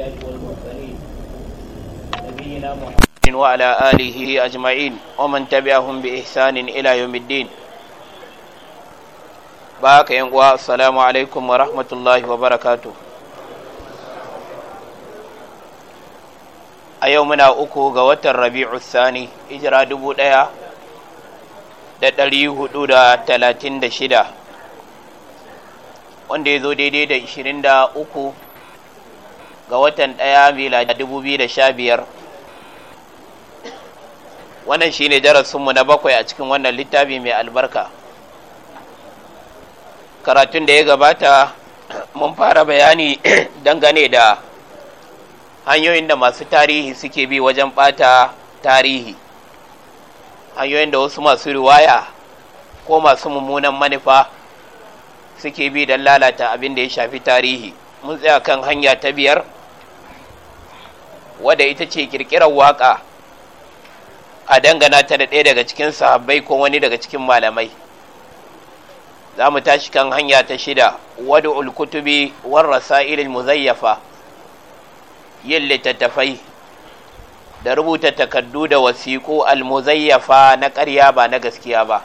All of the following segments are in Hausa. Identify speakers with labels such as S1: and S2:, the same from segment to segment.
S1: الأنبياء والمرسلين نبينا محمد وعلى آله أجمعين ومن تبعهم بإحسان إلى يوم الدين باك ينقوى السلام عليكم ورحمة الله وبركاته a yau muna uku ga watan rabi'u sani hijira dubu ɗaya da ɗari hudu da talatin da shida wanda ya zo daidai da ishirin da uku ga watan ɗaya miladi dubu biyu da sha biyar wannan ne darasinmu na bakwai a cikin wannan littafi mai albarka karatun da ya gabata mun fara bayani dangane da hanyoyin da masu tarihi suke bi wajen ɓata tarihi hanyoyin da wasu masu riwaya ko masu mummunan manufa suke bi don lalata abin da ya shafi tarihi mun tsaya kan hanya ta biyar wadda ita ce kirkirar waƙa a dangana ta da ɗaya daga cikin sahabbai ko wani daga cikin malamai za mu tashi kan hanya ta shida wadda ulkutubi warrasa irin muzayyafa yin littattafai da rubuta takardu da wasiƙu almuzayyafa na ƙarya ba na gaskiya ba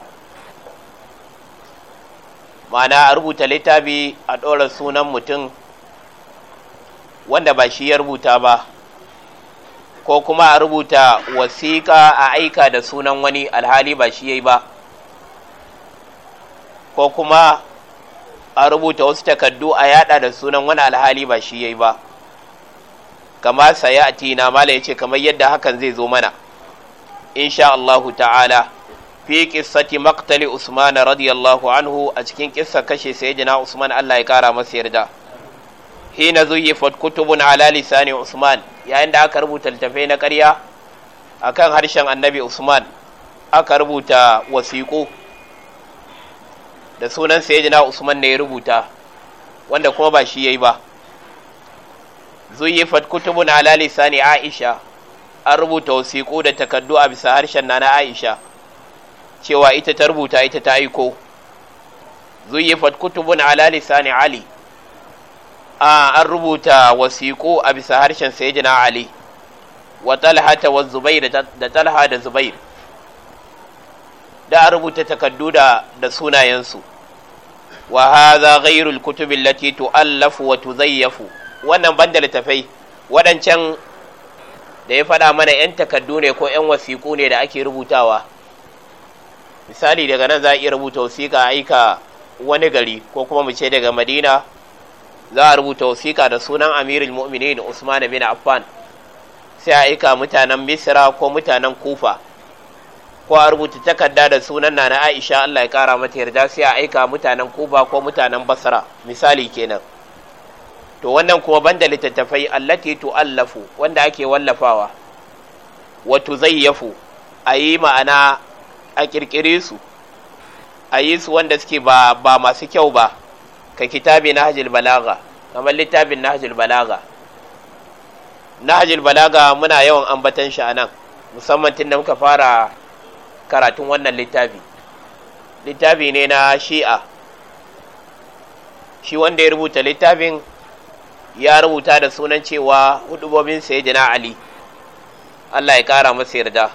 S1: Mana a rubuta littafi a ɗora sunan mutum wanda ba shi ya rubuta ba ko kuma a rubuta wasiƙa a aika da sunan wani alhali ba shi yayi ba ko kuma a rubuta wasu takardu a yada da sunan wani alhali ba shi yayi ba kama saya atina mala yace kamar yadda hakan zai zo mana insha Allahu ta'ala fi kissati maqtali Usman radiyallahu anhu a cikin kissa kashe sayyidina Usman Allah ya kara masa yarda hina zuyyifat kutubun ala lisani Usman yayin da aka rubuta littafai na ƙarya kan harshen Annabi Usman aka rubuta wasiƙo da sunan sayyidina Usman ne ya rubuta wanda kuma ba shi yayi ba zuyyifat kutubun ala lisani Aisha an rubuta wasiƙo da takaddu a bisa harshen nana Aisha cewa ita ta rubuta ita ta aiko zuyyifat kutubun ala lisani Ali an rubuta wasiƙo a bisa harshen sayyidina ali wa talha ta wa zubair da talha da zubair da an rubuta takaddu da da sunayensu wa hadha ghayru al-kutub allati tu'allafu wa tuzayyafu wannan banda littafai wadancan da ya faɗa mana 'yan takaddu ne ko 'yan wasiƙu ne da ake rubutawa misali daga nan za a iya rubuta wasiƙa aika wani gari ko kuma mu ce daga madina za a rubuta wasiƙa da sunan amirul mu'minin usman bin affan sai a aika mutanen Misira ko mutanen kufa ko a rubuta takarda da sunan nana aisha allah ya kara mata yarda sai a aika mutanen kufa ko mutanen basra misali kenan to wannan kuma banda littattafai allati tu'allafu wanda ake wallafawa wa tuzayyafu a yi ma'ana a kirkire su a yi su wanda suke ba masu kyau ba ka kitabi hajjil balaga kamar littafin hajjil balaga hajjil balaga muna yawan ambatan shi a nan musamman tun da muka fara karatun wannan littafi littafi ne na shi'a shi wanda ya rubuta littafin ya rubuta da sunan cewa hudubobin sayyidina ali Allah ya kara masa yarda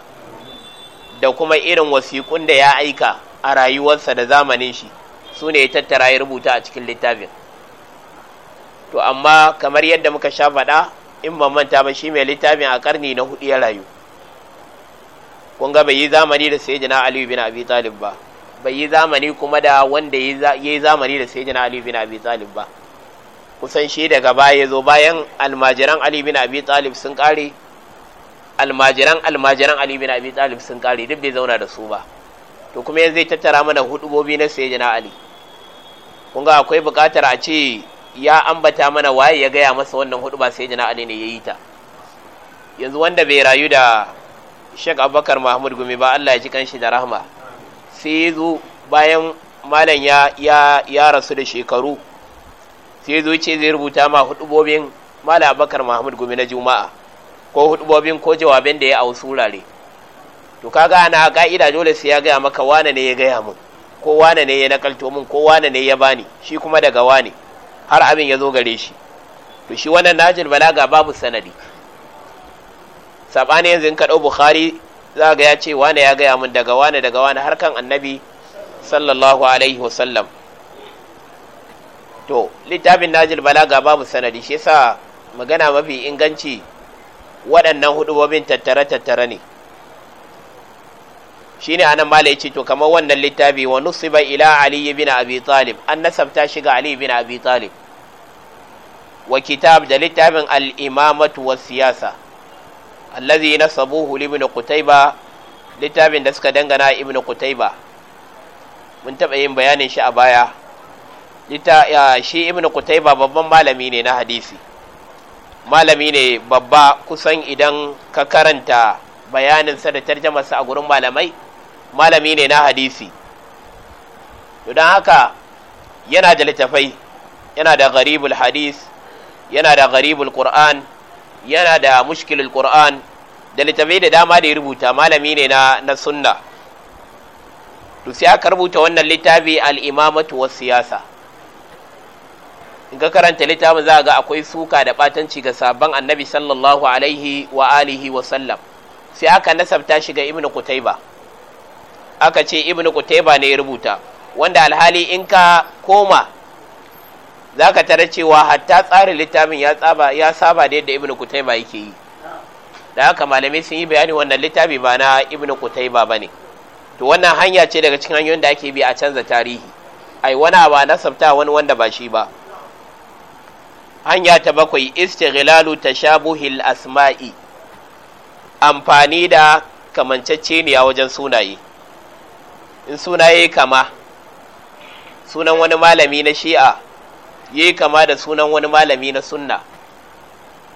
S1: da kuma irin wasiƙun da ya aika a rayuwarsa da zamanin shi su ne ya tattara ya rubuta a cikin littafin to amma kamar yadda muka sha faɗa in ban manta ba shi mai littafin a karni na hudu ya rayu kun ga bai yi zamani da sai jina aliyu bin abi talib ba bai yi zamani kuma da wanda ya yi zamani da sai jina aliyu bin abi talib ba kusan shi daga baya ya zo bayan almajiran aliyu bin abi talib sun kare almajiran almajiran aliyu bin abi talib sun kare duk bai zauna da su ba to kuma yanzu zai tattara mana hudubobi na sai jina ali kun ga akwai buƙatar a ce ya ambata mana waye ya gaya masa wannan hudu ba sai jana ali ne ya yi ta yanzu wanda bai rayu da shek abubakar mahmud gumi ba allah ya ji kanshi da rahma sai zo bayan malam ya rasu da shekaru sai zo ce zai rubuta ma hudubobin malam abubakar mahmud gumi na juma'a ko hudubobin ko jawabin da ya ausu, wasu wurare to kaga ana ka'ida dole sai ya gaya maka wane ne ya gaya mun ko wane ne ya nakalto min ko wane ne ya bani shi kuma daga wane har abin ya zo gare shi to shi wannan najil balaga babu sanadi sabani yanzu in ka dau bukhari za ga ya ce wane ya gaya min daga wane daga wane har kan annabi sallallahu alaihi wasallam to littafin najil balaga babu sanadi shi yasa magana mafi inganci waɗannan hudubobin tattare tattare ne Shi ne anan malai ce to kamar wannan littafi wa nusiba ila ali ibn abi talib an nasabta shi ga ali ibn abi talib wa kitab da littafin al-imamatu was siyasa allazi nasabuhu li ibn qutayba littafin da suka dangana ibn qutayba mun taba yin bayanin shi a baya shi ibn kutaiba babban malami ne na hadisi malami ne babba kusan idan ka karanta bayaninsa da sa a gurin malamai malami ne na hadisi to don haka yana da littafai yana da gharibul hadis yana da gharibul qur'an yana da mushkilul ƙur'an, da littafai da dama da ya rubuta malami ne na sunna to sai aka rubuta wannan littafi al-imamatu was siyasa in ka karanta littafin za ga akwai suka da ɓatanci ga sabon annabi sallallahu alaihi wa alihi wa sallam sai aka nasabta shi ga ibnu qutaiba aka ce ibn kutaiba ne ya rubuta wanda alhali in ka koma za ka tara cewa hatta tsarin littafin ya saba da yadda ibn kutaiba yake yi da haka malamai sun yi bayani wannan littafi ba na ibn kutaiba ba ne to wannan hanya ce daga cikin hanyoyin da ake bi a canza tarihi ai wani na nasabta wani wanda ba shi ba hanya ta bakwai istighlalu tashabuhil asma'i amfani da kamanceceniya wajen sunaye in suna ya kama sunan wani malami na shi'a ya kama da sunan wani malami na sunna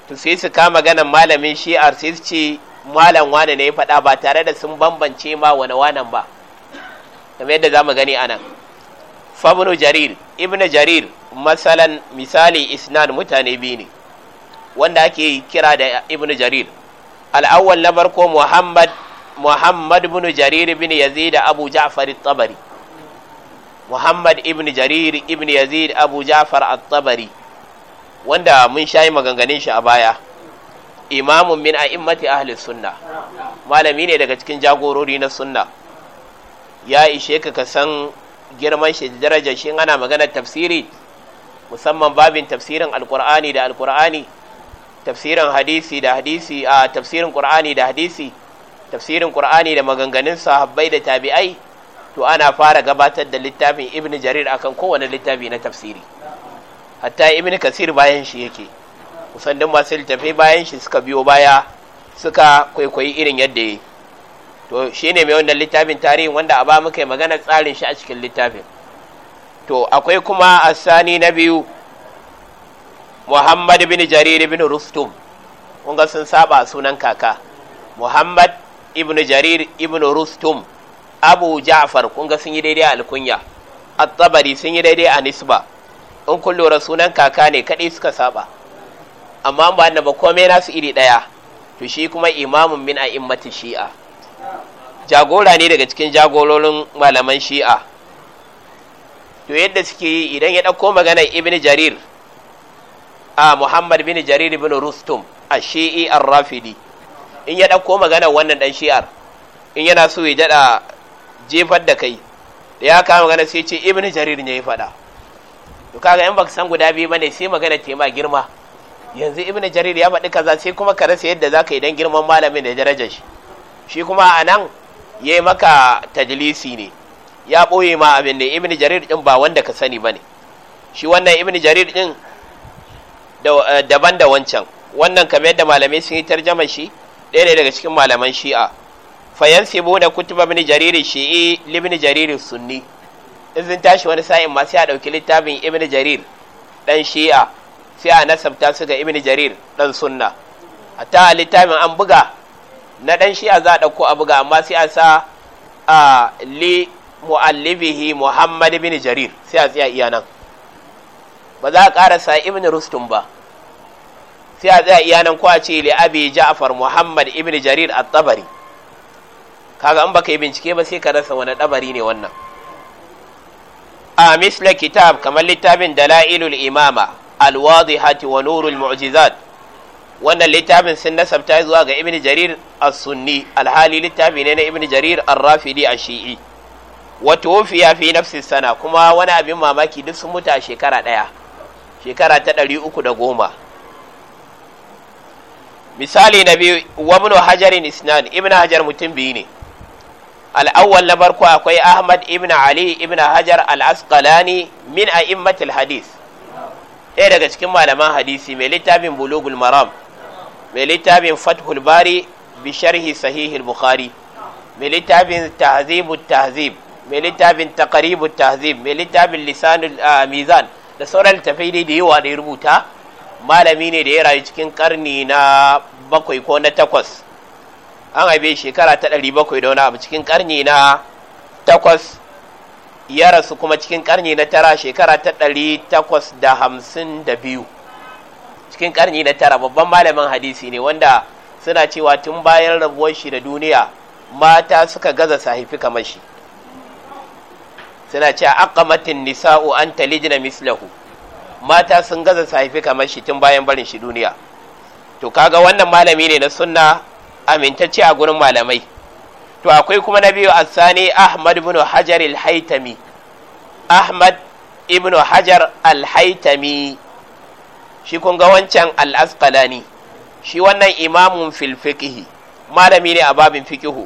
S1: to sai su kama ganin malamin shi'ar sai su ce malam wani ne ya faɗa ba tare da sun bambance ma wani wanan ba kamar yadda za mu gani nan. fabnu jarir ibn jarir masalan misali isnan mutane biyu ne wanda ake kira da ibn jarir al'awwal na farko muhammad muhammad ibn jarir ibn yazid abu ja'far at-tabari muhammad ibn jarir ibn yazid abu ja'far at-tabari wanda mun shayi maganganun shi a baya imamun min a'immati ahli sunna malami ne daga cikin jagorori na sunna ya ishe ka san girman shi da darajar shi ana maganar tafsiri musamman babin tafsirin alkur'ani da alkur'ani tafsirin hadisi da hadisi a tafsirin qur'ani da hadisi tafsirin qur'ani da maganganun sahabbai da tabi'ai to ana fara gabatar da littafin ibnu jarir akan kowane littafi na tafsiri hatta ibnu kasir bayan shi yake kusan duk masu littafi bayan shi suka biyo baya suka kwaikwayi irin yadda yi to shine mai wannan littafin tarihin wanda a ba muka yi magana tsarin shi a cikin littafin to akwai kuma asani na biyu muhammad bin jarir bin rustum kun ga sun saba sunan kaka muhammad ibn jarir ibn rustum abu ja'far kun ga sun yi daidai alkunya at-tabari sun yi daidai a nisba in kun lura sunan kaka ne kadai suka saba amma ba annaba ba komai nasu iri daya to shi kuma imamun min a'immati shi'a jagora ne daga cikin jagororin malaman shi'a to yadda suke yi idan ya ɗauko maganar ibn jarir a muhammad bin jarir ibn rustum a shi'i ar-rafidi in ya ɗauko maganar wannan ɗan shi'ar in yana so ya daɗa jefar da kai da ya kama magana sai ce ibn jarir ne ya faɗa to kaga in baka san guda biyu bane sai magana ce ma girma yanzu ibn jarir ya faɗi kaza sai kuma ka rasa yadda zaka yi dan girman malamin da darajar shi shi kuma a nan yayi maka tajlisi ne ya ɓoye ma abin da ibn jarir din ba wanda ka sani bane shi wannan ibn jarir din eh, daban da wancan wannan kamar yadda malamai sun yi tarjama shi ɗaya ne daga cikin malaman shi'a fayansibu da kutuba mini jaririn shi'i limini jaririn sunni Izin tashi wani sa'in ma sai a ɗauki littafin ibn jarir ɗan shi'a sai a nasabta su ga ibn jarir ɗan sunna A hatta littafin an buga na ɗan shi'a za a ɗauko a buga amma sai a sa a li mu'allibihi muhammad ibn jarir sai a tsaya iya nan ba za a ƙarasa ibn rustum ba sai a zai iya nan ko a ce abi ja'far muhammad ibn jarir at-tabari kaga an baka yi bincike ba sai ka rasa wani ɗabari ne wannan a misla kitab kamar littafin dalailul imama al hati wa nurul mu'jizat wannan littafin sun nasabta zuwa ga ibn jarir as-sunni alhali littafi ne na ibn jarir ar-rafidi a shii wofi ya fi nafsi sana kuma wani abin mamaki duk sun mutu a shekara ɗaya, shekara ta ɗari uku da goma. misali na biyu wa hajarin isnan ibn hajar mutum biyu ne al'awwal na barko akwai ahmad ibn ali ibn hajar al min min a'immatil hadis ɗaya daga cikin malaman hadisi mai littafin bulugul maram mai littafin fathul bari bi sharhi sahihil bukhari mai littafin tahzibu tahzib mai littafin takaribu tahzib mai littafin lisanul ah, mizan da sauran littafai da yawa da ya rubuta malami ne da ya rayu cikin karni na bakwai ko na takwas an haife shekara ta ɗari bakwai da wani abu cikin karni na takwas ya rasu kuma cikin karni na tara shekara ta ɗari takwas da hamsin da biyu cikin karni na tara babban malamin hadisi ne wanda suna cewa tun bayan rabuwar shi da duniya mata suka gaza sahifi kamar shi suna cewa aqamatin nisa'u an talijina mislahu mata sun gaza su haifi kamar shi tun bayan barin shi duniya to kaga wannan malami ne na sunna amintacce a gurin malamai to akwai kuma na biyu asani ahmad ibn hajar al-haitami ahmad ibn hajar al-haitami shi kun ga wancan al-asqalani shi wannan imamun fil fiqh malami ne a babin fiqhu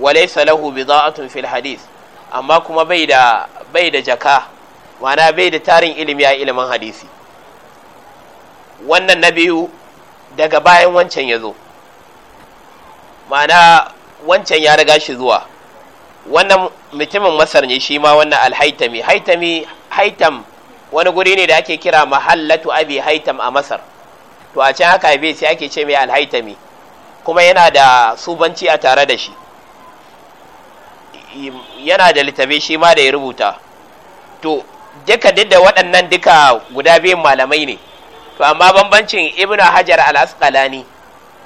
S1: walaysa lahu bida'atun fil hadith amma kuma bai da bai da jaka ma'ana bai da tarin ilimi a ilimin hadisi wannan na biyu daga bayan wancan ya zo ma'ana wancan ya riga shi zuwa wannan mutumin masar ne shi ma wannan alhaitami haitami haitam wani guri ne da ake kira mahallatu abi haitam a masar to a can haka bai sai ake ce mai alhaitami kuma yana da subanci a tare da shi yana da littafi shi ma da ya rubuta to duka duk da waɗannan duka guda biyun malamai ne to amma bambancin Ibn hajar al-asqalani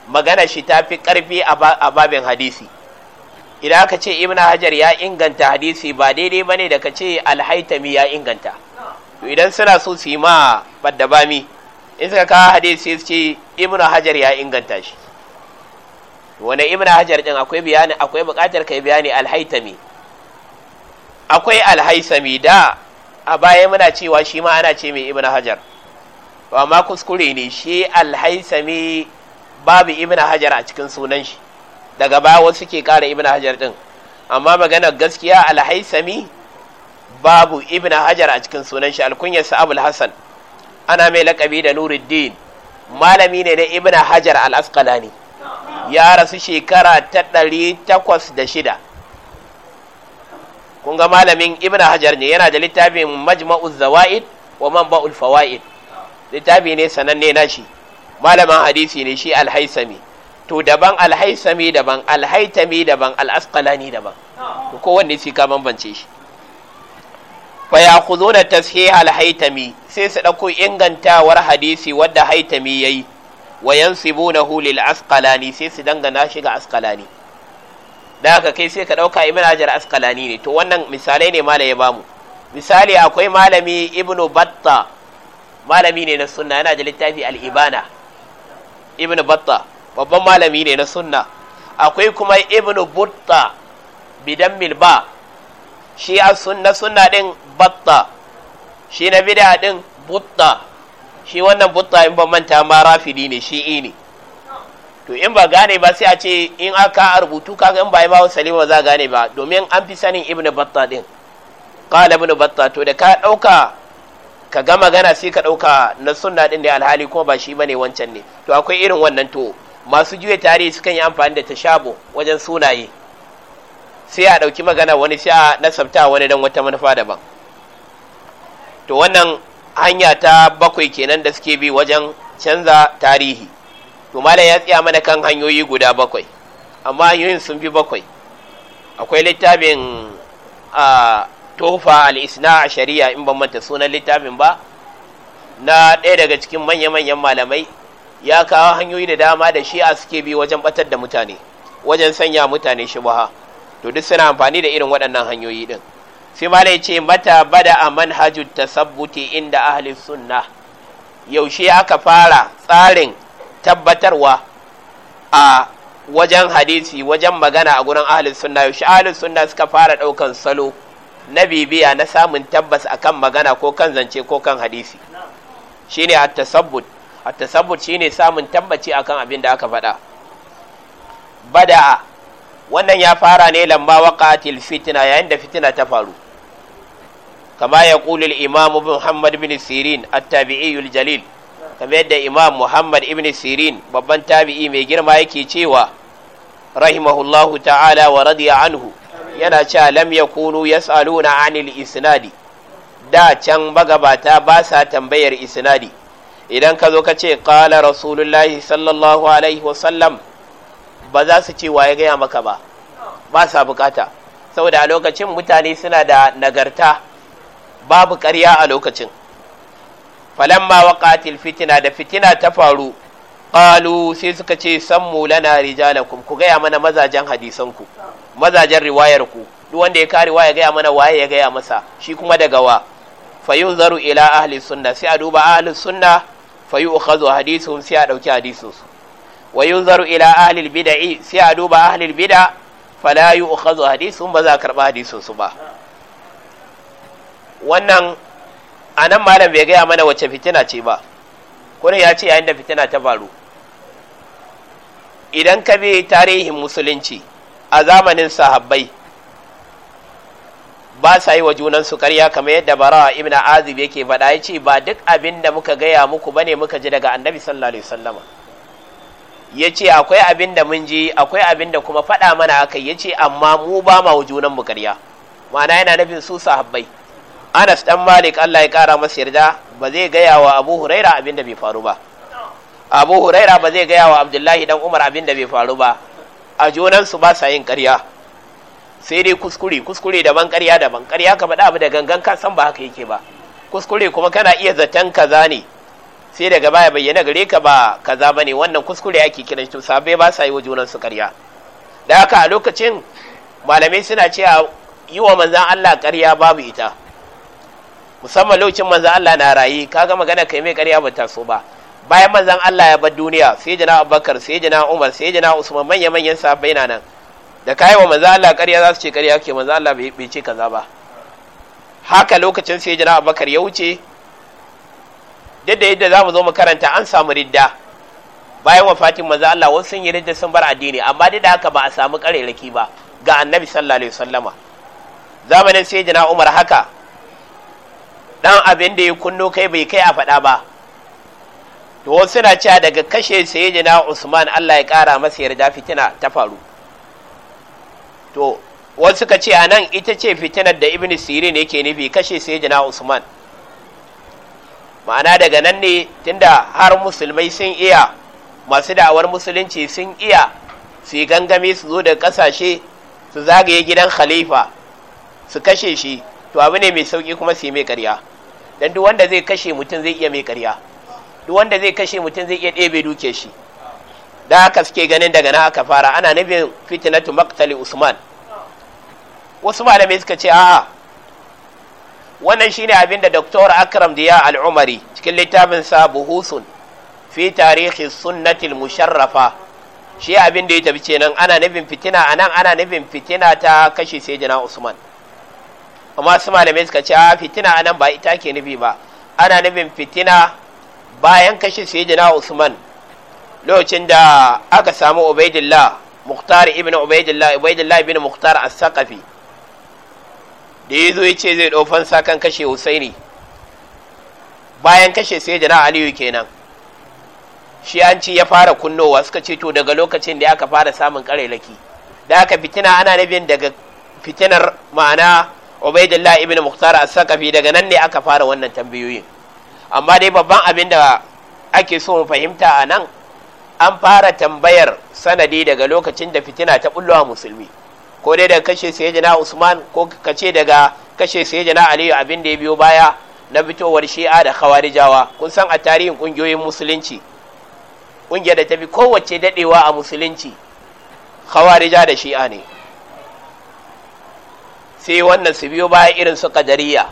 S1: magana shi ta fi ƙarfi a babin hadisi idan aka ce Ibn hajar ya inganta hadisi ba daidai bane da ka ce alhaitami ya inganta to idan suna so su yi ma baddabami in suka kawo hadisi su ce Ibn hajar ya inganta shi Wani Ibn hajar din akwai bayani akwai buƙatar kai bayani alhaitami akwai alhaisami da a baya muna cewa shi ma ana ce mai ibn hajar ma kuskure ne shi alhaisami babu ibn hajar a cikin sunan shi daga baya wasu ke kara ibn hajar din amma magana gaskiya alhaisami babu ibn hajar a cikin sunan shi alkunyarsa abul hassan ana mai lakabi da nuruddin malami ne na ibn hajar al-asqalani ya rasu shekara ta ɗari takwas da shida kun ga malamin ibn hajar ne yana da littafin majma'u zawaid wa ba'ul fawaid littafi ne sananne na shi malamin hadisi ne shi alhaisami to daban alhaisami daban alhaitami daban al'asqalani daban to wanne sai ka bambance shi fa na tashih alhaitami sai su dauko ingantawar hadisi wanda haitami yayi wa yansibunahu lil asqalani sai su dangana shi ga asqalani da haka kai sai ka ɗauka ibn hajar askalani ne to wannan misalai ne malai ya bamu misali akwai malami ibnu batta malami ne na sunna yana da littafi al-ibana ibnu batta babban malami ne na sunna akwai kuma ibnu butta bidan milba shi a sunna sunna din batta shi na bida din butta shi wannan butta in ban manta ma rafidi ne shi'i ne to in ba gane ba sai a ce in aka rubutu kaga in ba imamu salima ba za gane ba domin an fi sanin ibn batta din qala ibn batta to da ka dauka ka ga magana sai ka dauka na sunna din da alhali kuma ba shi bane wancan ne to akwai irin wannan to masu juya tarihi sukan yi amfani da tashabo wajen sunaye sai a dauki magana wani sai a nasabta wani dan wata manufa daban to wannan hanya ta bakwai kenan da suke bi wajen canza tarihi to malam ya tsaya mana kan hanyoyi guda bakwai amma hanyoyin sun bi bakwai akwai littafin a tofa al a shari'a in ban manta sunan littafin ba na ɗaya daga cikin manya-manyan malamai ya kawo hanyoyi da dama da shi a suke bi wajen batar da mutane wajen sanya mutane shubaha to duk suna amfani da irin waɗannan hanyoyi ɗin sai malai ce mata bada a manhajut tasabbuti inda ahli sunna yaushe aka fara tsarin tabbatarwa a wajen hadisi wajen magana a gurin ahalin sunna yaushe ahalin sunna suka fara ɗaukan salo na bibiya na samun tabbas akan magana ko kan zance ko kan hadisi shine at-tasabbut at-tasabbut shine samun tabbaci akan abin da aka faɗa bada'a wannan ya fara ne lamba waqatil fitna yayin da fitina ta faru kama ya qulul imam muhammad bin sirin at-tabi'i jalil kamar yadda imam muhammad ibn sirin babban tabi'i mai girma yake cewa rahimahullahu ta'ala wa radiya anhu yana cewa lam yakunu yas'aluna anil isnadi da can magabata ba sa tambayar isnadi idan ka zo ka ce qala rasulullahi sallallahu alaihi sallam ba za su ce wa ya gaya maka ba ba sa bukata saboda a lokacin mutane suna da nagarta babu ƙarya a lokacin falamma waqatil fitina da fitina ta faru qalu sai suka ce sammu lana rijalakum ku gaya mana mazajen hadisanku mazajen riwayar ku duk wanda ya ka riwaya gaya mana waye ya gaya masa shi kuma daga wa fayunzaru ila ahli sunna sai a duba ahli sunna fayu'khazu hadisuhum sai a dauki hadisun su wa yunzaru ila ahli bid'i sai a duba ahli bid'a fala yu'khazu hadisuhum ba za a karba hadisun su ba wannan a nan malam bai gaya mana wacce fitina ce ba kuma ya ce yayin da fitina ta faru idan ka bi tarihin musulunci a zamanin sahabbai ba sa yi wa junansu karya kamar yadda bara ibn azib yake faɗa ya ce ba duk abin da muka gaya muku bane muka ji daga annabi sallallahu alaihi ya ce akwai abin da mun ji akwai abin da kuma faɗa mana aka ya ce amma mu ba ma wa junanmu karya ma'ana yana nufin su sahabbai anas ɗan malik allah ya kara masa yarda ba zai gaya wa abu huraira abin da bai faru ba abu huraira ba zai gaya wa abdullahi dan umar abin da bai faru ba a junansu ba sa yin karya sai dai kuskure kuskure daban karya daban ƙarya ka faɗa abu da gangan ka san ba haka yake ba kuskure kuma kana iya zaton kaza ne sai daga baya bayyana gare ka ba kaza ba ne, wannan kuskure ake kiran shi sabai ba sa yi wa junansu karya da haka a lokacin malamai suna cewa yi wa manzan Allah ƙarya babu ita musamman lokacin manzan Allah na rayi kaga magana kai mai ƙarya ba ta so ba bayan manzan Allah ya bar duniya sai jana Abubakar sai jana Umar sai jana Usman manya manyan sahabbai na nan da kai wa manzan Allah ƙarya za su ce ƙarya ke manzan Allah bai ce kaza ba haka lokacin sai jana Abubakar ya wuce duk da yadda zamu zo mu karanta an samu ridda bayan wafatin manzan Allah wasu sun yi ridda sun bar addini amma duk da haka ba a samu ƙarerraki ba ga annabi sallallahu alaihi wasallama zamanin sai jana Umar haka dan abin da ya kunno kai bai kai a faɗa ba to wasu na cewa daga kashe sayyidina Usman Allah ya ƙara masa yarda fitina ta faru to wasu ka ce a nan ita ce fitinar da Ibn Sirin yake nufi kashe sayyidina Usman ma'ana daga nan ne tunda har musulmai sun iya masu da'awar musulunci sun iya su yi gangami su zo da kasashe su zagaye gidan khalifa su kashe shi to abu ne mai sauki kuma su yi mai ƙarya dan duk wanda zai kashe mutum zai iya mai ƙarya duk wanda zai kashe mutum zai iya ɗebe duke shi da haka suke ganin daga na aka fara ana nufin fitinatu maktali usman wasu malamai suka ce a'a wannan shine abin da doktor akram diya umari cikin littafin sa buhusun fi tarihi sunnatil musharrafa shi abin da ya tafi ce nan ana nufin fitina anan ana nufin fitina ta kashe sayyidina usman amma su malamai suka ce a fitina anan ba ita ke nufi ba ana nufin fitina bayan kashe sayyidina Usman lokacin da aka samu Ubaidillah Muktar ibn Ubaidillah Ubaidillah ibn Mukhtar As-Saqafi da yazo yace zai dofan fansa kan kashe Husaini bayan kashe sayyidina Aliyu kenan shi an ci ya fara kunnowa suka ce to daga lokacin da aka fara samun laki da aka fitina ana nabin daga fitinar ma'ana ubaidillah ibn mukhtar as sakafi daga nan ne aka fara wannan tambayoyin amma dai babban abin da ake so mu fahimta a nan an fara tambayar sanadi daga lokacin da fitina ta bullowa musulmi ko dai daga kashe sayyidina usman ko kace daga kashe sayyidina aliyu abin da ya biyo baya na fitowar shi'a da khawarijawa kun san a tarihin kungiyoyin musulunci kungiyar da ta fi kowace dadewa a musulunci khawarija da shi'a ne sai wannan su biyo baya irin su kadariya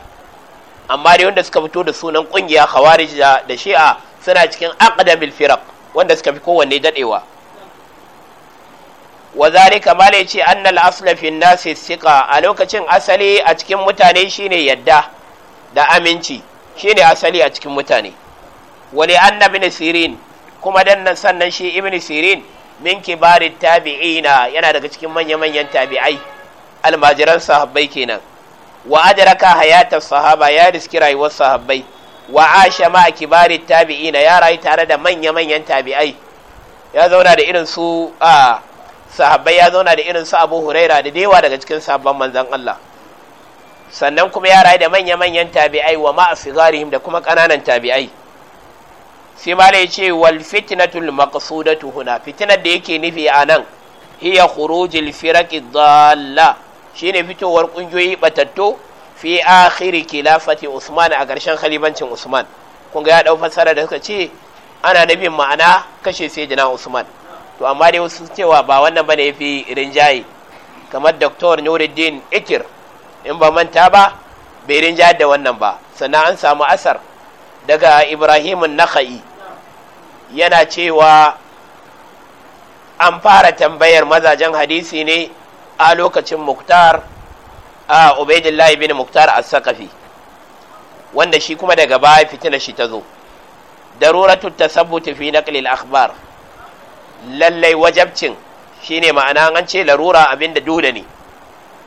S1: amma dai wanda suka fito da sunan kungiya khawarij da shi'a suna cikin aqdamil firaq wanda suka fi kowanne dadewa wa zalika ma la yace annal asla fi thiqa a lokacin asali a cikin mutane shine yadda da aminci shine asali a cikin mutane wali anna ibn sirin kuma dan nan sannan shi ibn sirin min kibarit tabi'ina yana daga cikin manya-manyan tabi'ai almajiran sahabbai kenan wa adraka sahaba ya riski rayuwar sahabbai wa asha ma kibari tabi'ina ya rayu tare da manya-manyan tabi'ai ya zauna da irin su a sahabbai ya zauna da irin su Abu Huraira da dewa daga cikin sahabban manzon Allah sannan kuma ya rayu da manya-manyan tabi'ai wa ma asigarihim da kuma ƙananan tabi'ai sai malai ce wal fitnatul maqsudatu huna fitnar da yake nufi anan, hiya khurujil firaqid dalla shine fitowar kungiyoyi batatto fi akhiri khilafati Usman a ƙarshen khalifancin Usman Kunga ya dau fassara da suka ce ana nufin ma'ana kashe sayyidina Usman to amma dai wasu cewa ba wannan bane yafi rinjaye kamar Dr. Nuruddin Ikir in ba manta ba bai rinjaye da wannan ba sannan an samu asar daga Ibrahim Nakhai yana cewa an fara tambayar mazajen hadisi ne a lokacin muktar a ubaidillahi bin muktar as sakafi. wanda shi kuma daga baya fitina shi ta zo daruratu tasabbuti fi naqli al-akhbar lallai wajabcin shine ma'ana an ce larura abinda dole ne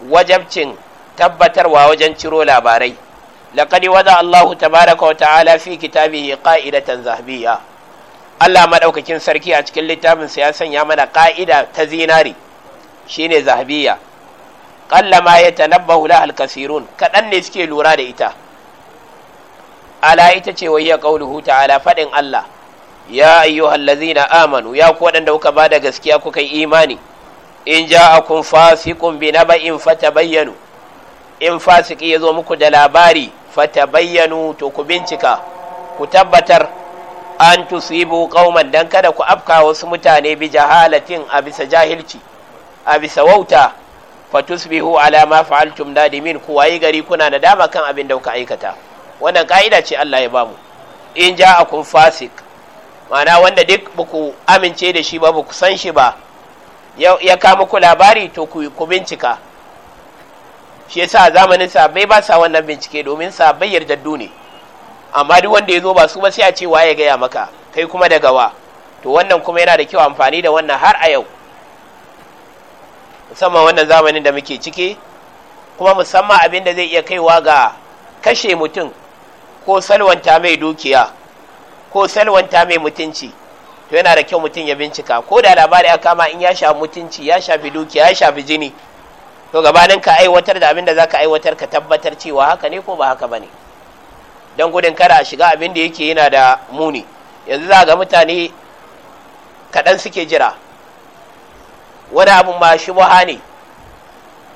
S1: wajabcin tabbatarwa wajen ciro labarai laqad wada Allah tabaraka wa ta'ala fi kitabihi qa'idatan zahabiyya Allah madaukakin sarki a cikin littafin sa ya sanya mana ƙa'ida ta zinari shine zahabiyya ƙalla ma ya tanabba hula kasirun Kaɗan ne suke lura da ita ala ita ce wayya huta ta'ala faɗin Allah ya na amanu ya ku waɗanda kuka da gaskiya kuka yi imani in ja a na ba'in fata bayyanu in fasiki ya zo muku da labari fata bayyanu to ku bincika ku tabbatar an tusibu qauman dan kada ku afka wasu mutane bi jahalatin a bisa jahilci a bisa wauta fatusbihu ala ma fa'altum nadimin ku waye gari kuna dama kan abin da kuka aikata wannan ka'ida ce Allah ya bamu in ja'akum fasik ma'ana wanda duk baku amince da shi ba ku san shi ba ya kama ku labari to ku bincika shi yasa zamanin sabai ba sa wannan bincike domin bai yarda ne amma duk wanda ya zo ba su ba sai a ce waye gaya maka kai kuma daga wa to wannan kuma yana da kyau amfani da wannan har a yau musamman wannan zamanin da muke ciki kuma musamman abin da zai iya kaiwa ga kashe mutum ko salwanta mai dukiya ko salwanta mai mutunci to yana da kyau mutum ya bincika ko da labari a kama in ya shafi mutunci ya shafi dukiya ya shafi jini to gabanin ka aiwatar da abin da za ka aiwatar ka tabbatar cewa haka ne ko ba haka ba ne don gudun kara, a shiga abin da yake yana da muni yanzu za ga mutane kaɗan suke jira wani abin ma shubuha ne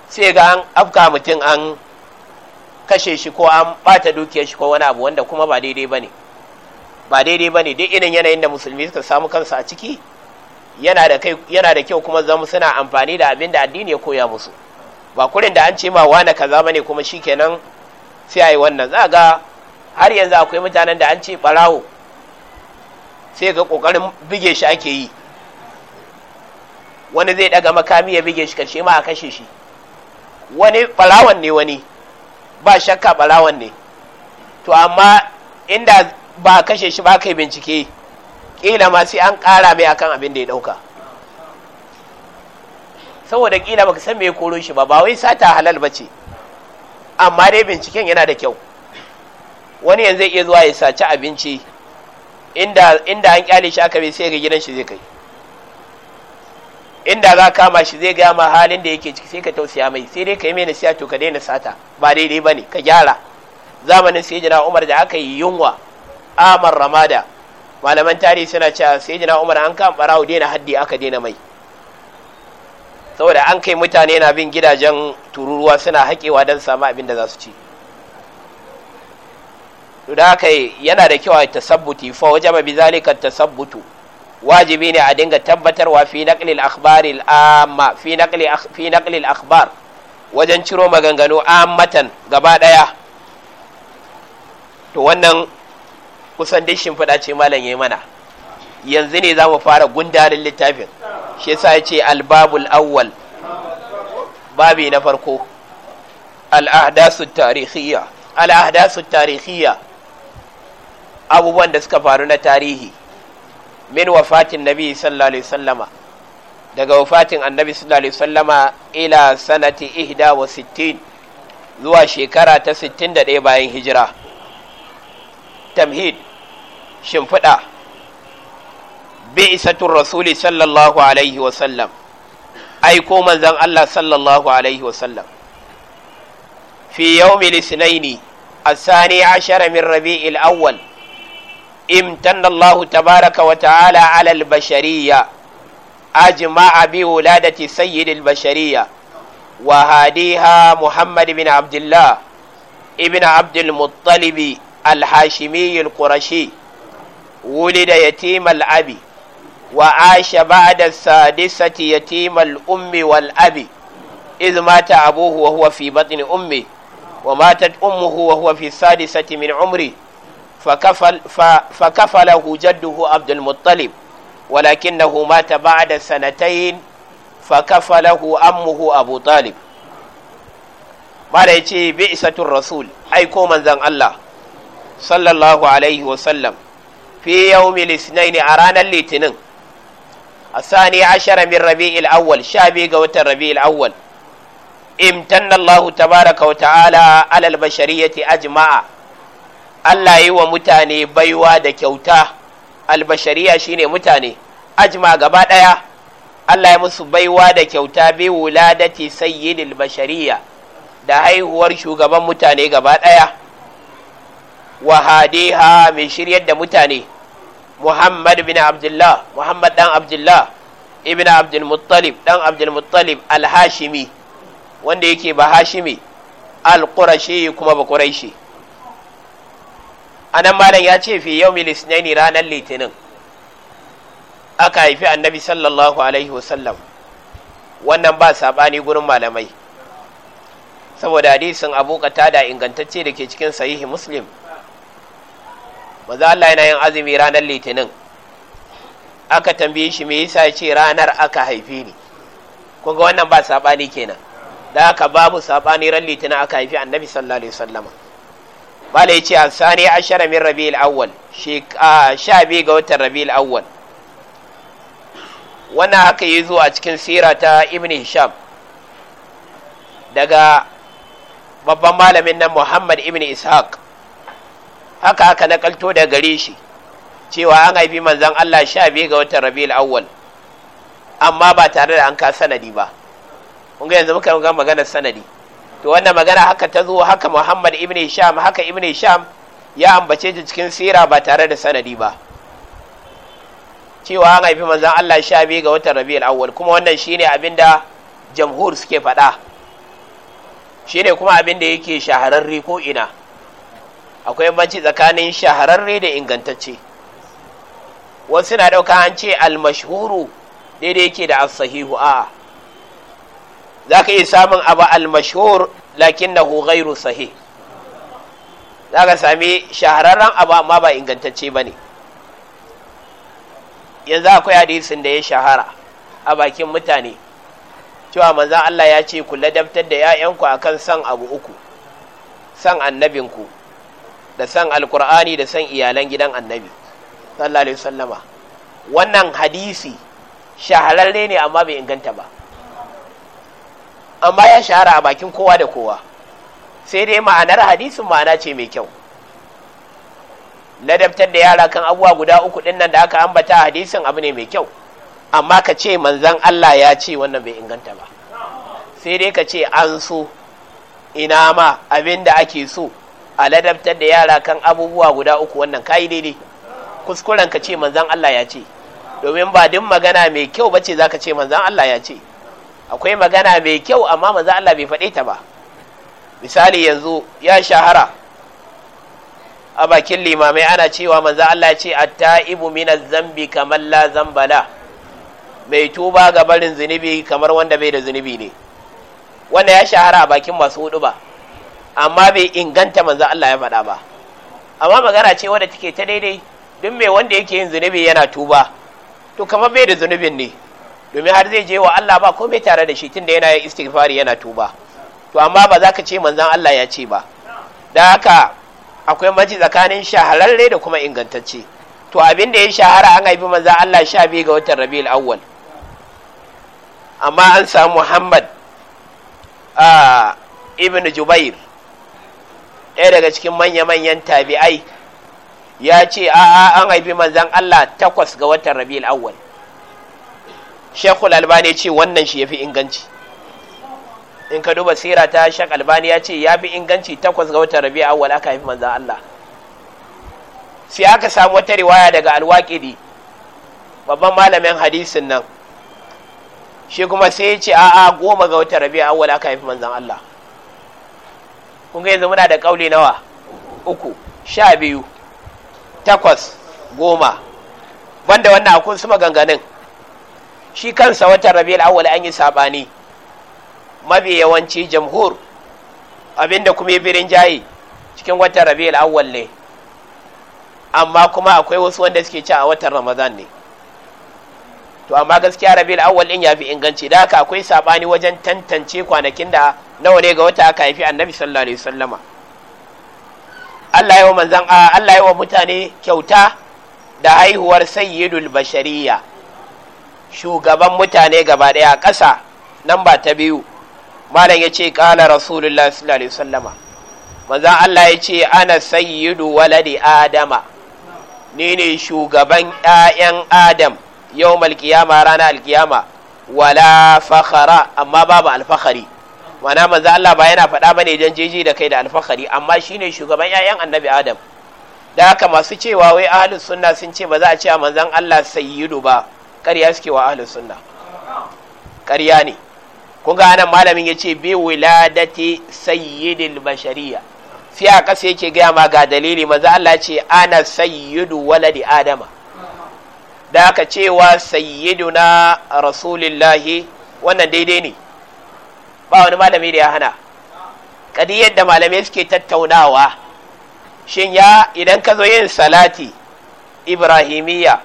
S1: sai ga an afka mutum an kashe shi ko an bata dukiyar shi ko wani abu wanda kuma ba daidai ba ne. ba daidai ba ne duk irin yanayin da musulmi suka samu kansu a ciki yana da kyau kuma zama suna amfani da abin da addini ya koya musu ba kurin da an ce ma wani kaza bane kuma shikenan sai ayi wannan za ga har yanzu akwai mutanen da an ce barawo sai ga kokarin bige shi ake yi wani zai daga makami ya bige shi karshe ma a kashe shi wani balawan ne wani ba shakka balawan ne to amma inda ba a kashe shi ba kai bincike kila ma sai an kara mai akan abin da ya ɗauka saboda kila baka san me koro shi ba ba wai sata halal ba ce amma dai binciken yana da kyau wani yanzu zai iya zuwa ya saci abinci inda an kyale shi aka bai sai ga gidan shi zai kai inda za kama shi zai gama halin da yake ciki sai ka tausaya mai sai dai ka yi mai nasiya to ka daina sata ba daidai ba ne ka gyara zamanin sayyidina umar da aka yi yunwa amar ramada malaman tarihi suna cewa sayyidina umar an kama barawo daina haddi aka daina mai saboda an kai mutane na bin gidajen tururuwa suna haƙewa don samu abin da za su ci da haka yana da kyau a tasabbuti fa wajaba bi zalika tasabbutu wajibi ne a dinga tabbatarwa fi naqlil akhbari amma fi naqli fi akhbar wajen ciro maganganu ammatan gaba daya to wannan kusan dai shimfiɗa ce malam yayi mana yanzu ne zamu fara gundarin littafin shi yasa yace albabul awwal babi na farko al-ahdasu tarihiyya al tarihiyya abubuwan da suka faru na tarihi min wafatin nabi sallallahu alaihi wasallama daga wafatin annabi sallallahu alaihi wasallama ila sanati ihda wa sittin zuwa shekara ta sittin da ɗaya bayan hijira tamhid shimfiɗa bi'isatun rasuli sallallahu alaihi wasallam aiko manzan Allah sallallahu alaihi wasallam fi yawmi A sani عشر من ربيع الأول امتن الله تبارك وتعالى على البشرية أجمع بولادة سيد البشرية وهاديها محمد بن عبد الله ابن عبد المطلب الحاشمي القرشي ولد يتيم الأب وعاش بعد السادسة يتيم الأم والأب إذ مات أبوه وهو في بطن أمه وماتت أمه وهو في السادسة من عمره فكفل فكفله جده عبد المطلب ولكنه مات بعد سنتين فكفله أمه أبو طالب mara ya ce bi'isatun rasul aiko manzan Allah sallallahu alaihi wasallam fi yawmi lisnaini a ranar litinin a sani ashara min rabi'il awwal sha biyu ga watan rabi'il awwal imtanna Allah tabaraka wa ta'ala alal bashariyati jima'a. Allah yi wa mutane baiwa da kyauta albashariya shine mutane ajma gaba ɗaya Allah ya musu baiwa da kyauta bi wuladati sayyidil bashariya da haihuwar shugaban mutane gaba ɗaya wa hadiha mai shiryar da mutane Muhammad bin Abdullah Muhammad dan Abdullah ibn Abdul Muttalib dan Abdul Muttalib al-Hashimi wanda yake ba Hashimi al-Qurashi kuma ba Quraishi anan malam ya ce fi yau milisnaini ranar litinin aka haifi annabi sallallahu alaihi wasallam wannan ba saɓani gurin malamai saboda hadisin abu da ingantacce da ke cikin sahihi muslim maza Allah yana yin azumi ranar litinin aka tambaye shi me yasa ce ranar aka haifi ni kunga wannan ba saɓani kenan da aka babu saɓani ran litinin aka haifi annabi sallallahu alaihi sallam. mala ya ce a sani ashara rabi'il awwal sha biyu ga watan rabi'il awwal wannan haka yi zuwa cikin sira ta ibn hisham daga babban malamin nan muhammad ibn ishaq haka haka kalto da gare shi cewa an haifi manzan allah sha biyu ga watan rabi'il awwal amma ba tare da an ka sanadi ba kun yanzu muka ga maganar sanadi to wannan magana haka ta zo haka Muhammad ibn Hisham haka ibn Hisham ya ambace ta cikin sira ba tare da sanadi ba cewa an haifi manzon Allah sha biyu ga watan Rabiul Awwal kuma wannan shine da jamhur suke faɗa shine kuma abin da yake shahararre ko ina akwai banci tsakanin shahararre da ingantacce wasu na ɗauka an ce almashhuru daidai yake da as-sahihu a'a za ka iya samun abu lakin na ghairu sahih za ka sami shahararren abu amma ba ingantacce ba ne yanzu akwai hadisin da ya shahara a bakin mutane cewa manzan Allah ya ce ku ladabtar da 'ya'yanku akan san abu uku san annabinku da san alkur'ani da san iyalan gidan annabi sallallahu alaihi wasallama wannan hadisi shahararre ne amma bai inganta ba amma ya shahara a bakin kowa da kowa sai dai ma'anar hadisin ma'ana ce mai kyau ladabtar da yara kan abubuwa guda uku din nan da aka ambata hadisin abu ne mai kyau amma ka ce manzan Allah ya ce wannan bai inganta ba sai dai ka ce an so ina ma abin da ake so a ladabtar da yara kan abubuwa guda uku wannan kayi daidai kuskuren ka ce manzan Allah ya ce domin ba duk magana mai kyau bace zaka ce manzan Allah ya ce akwai magana mai kyau amma manzo Allah bai faɗe ta ba misali yanzu ya shahara a bakin limamai ana cewa manzo Allah ce at-ta'ibu minaz zambi kamar la zambala mai tuba ga barin zunubi kamar wanda bai da zunubi ne wanda ya shahara a bakin masu hudu ba amma bai inganta manzo Allah ya faɗa ba amma magana ce wadda take ta daidai duk mai wanda yake yin zunubi yana tuba to kamar bai da zunubin ne domin har zai je wa Allah ba komai tare da shi tunda yana yin istighfari yana tuba to amma ba za ka ce manzon Allah ya ce ba da haka akwai maji tsakanin shahararre da kuma ingantacce to abin da ya shahara an haifi manzon Allah sha biyu ga watan Rabiul Awwal amma an samu Muhammad ibn Jubair ɗaya daga cikin manya-manyan tabi'ai ya ce a'a an haifi manzan Allah takwas ga watan Rabiul Awwal shekul albani ce wannan shi ya fi inganci in ka duba sira ta shek albani ya ce ya fi inganci takwas ga watan rabi'a awwal aka haifi manzan Allah sai aka samu wata riwaya daga alwaƙidi babban malamin hadisin nan shi kuma sai ya ce a'a goma ga watan rabi'a awwal aka haifi manzan Allah kun ga yanzu muna da kauli nawa uku sha biyu takwas goma banda wannan akun su maganganun shi kansa watan rabiul awwal an yi sabani mabi yawanci jamhur abinda kuma ya birin jayi cikin watan rabiul awwal ne amma kuma akwai wasu wanda suke ci a watan ramadan ne to amma gaskiya rabiul awwal din yafi inganci da haka akwai sabani wajen tantance kwanakin da nawa ne ga wata aka haifi annabi sallallahu alaihi wasallama Allah yawa manzan mutane kyauta da haihuwar sayyidul bashariya shugaban mutane gaba ɗaya a ƙasa nan ba ta biyu malam ya ce ƙala rasulullah sallallahu alaihi wasallama manzan Allah ya ce ana sayyidu waladi adama ni ne shugaban ‘ya'yan adam yau malkiyama rana alkiyama wala fakhara amma babu alfahari mana manzan Allah ba yana faɗa bane don jeji da kai da alfahari amma shi ne shugaban ‘ya'yan annabi adam da haka masu cewa wai ahalus sunna sun ce ba za a ce a manzan Allah sayyidu ba ƙarya suke wa ahlus sunna ƙarya ne kun ga anan malamin ya ce bi wiladati sayyidil bashariya sai a ƙasa yake gaya ma ga dalili maza Allah ce ana sayyidu waladi adama da aka cewa sayyiduna rasulillahi wannan daidai ne ba wani malami da ya hana kadi yadda malamai suke tattaunawa shin ya idan ka zo yin salati ibrahimiyya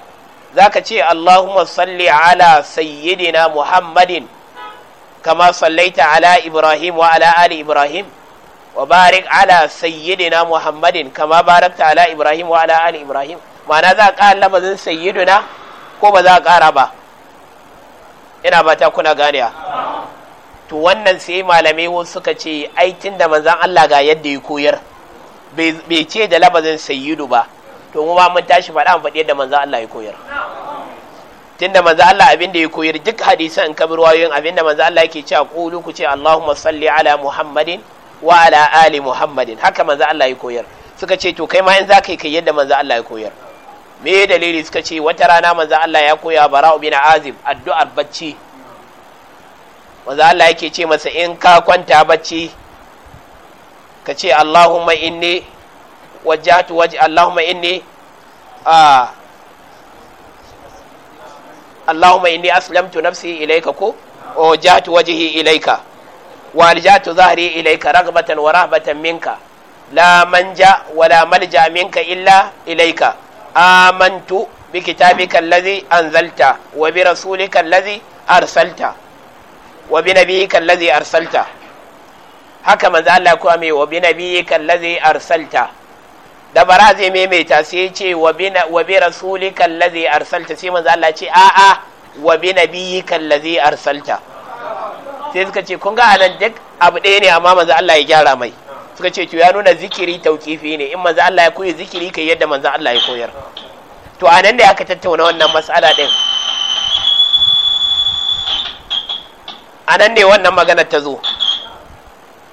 S1: zaka ce Allahumma salli ala sayyidina Muhammadin kama sallaita ala Ibrahim wa ala ali Ibrahim wa barik ala sayyidina Muhammadin kama barakta ala Ibrahim wa ala ali Ibrahim ma'ana za ka ƙara lamazin sayyiduna ko ba za ka ƙara ba ina ba ta kuna ganiya to wannan sai malamai suka ce ai tunda da manzan Allah ga yadda ya koyar bai ce da lamazin sayyidu ba to mu ba mun tashi faɗa an faɗi yadda manzo Allah ya koyar tunda manzo Allah abinda ya koyar duk hadisan in kabir wayoyin abinda manzo Allah yake cewa qulu ku ce Allahumma salli ala Muhammadin wa ala ali Muhammadin haka manzo Allah ya koyar suka ce to kai ma in zaka kai yadda manzo Allah ya koyar me dalili suka ce wata rana manzo Allah ya koya bara'u bin azib addu'ar bacci manzo Allah yake ce masa in ka kwanta bacci ka ce Allahumma inni wajjahtu waji Allahumma inni a Allahumma inni aslamtu nafsi ilaika ko wa wajjahtu wajhi ilaika wa aljatu zahri ilaika raghbatan wa rahbatan minka la manja wa la malja minka illa ilaika amantu bi kitabika allazi anzalta wa bi rasulika allazi arsalta wa bi arsalta haka manzo Allah ya bi arsalta da bara zai maimaita sai ya ce wa bi rasulika allazi arsalta sai manzo Allah ce a a wa bi nabiyyika allazi arsalta sai suka ce kun ga anan duk abu ɗaya ne amma manzo Allah ya gyara mai suka ce to ya nuna zikiri tauqifi ne in manzo Allah ya koyi zikiri kai yadda manzo Allah ya koyar to anan da aka tattauna wannan mas'ala ɗin? anan ne wannan magana ta zo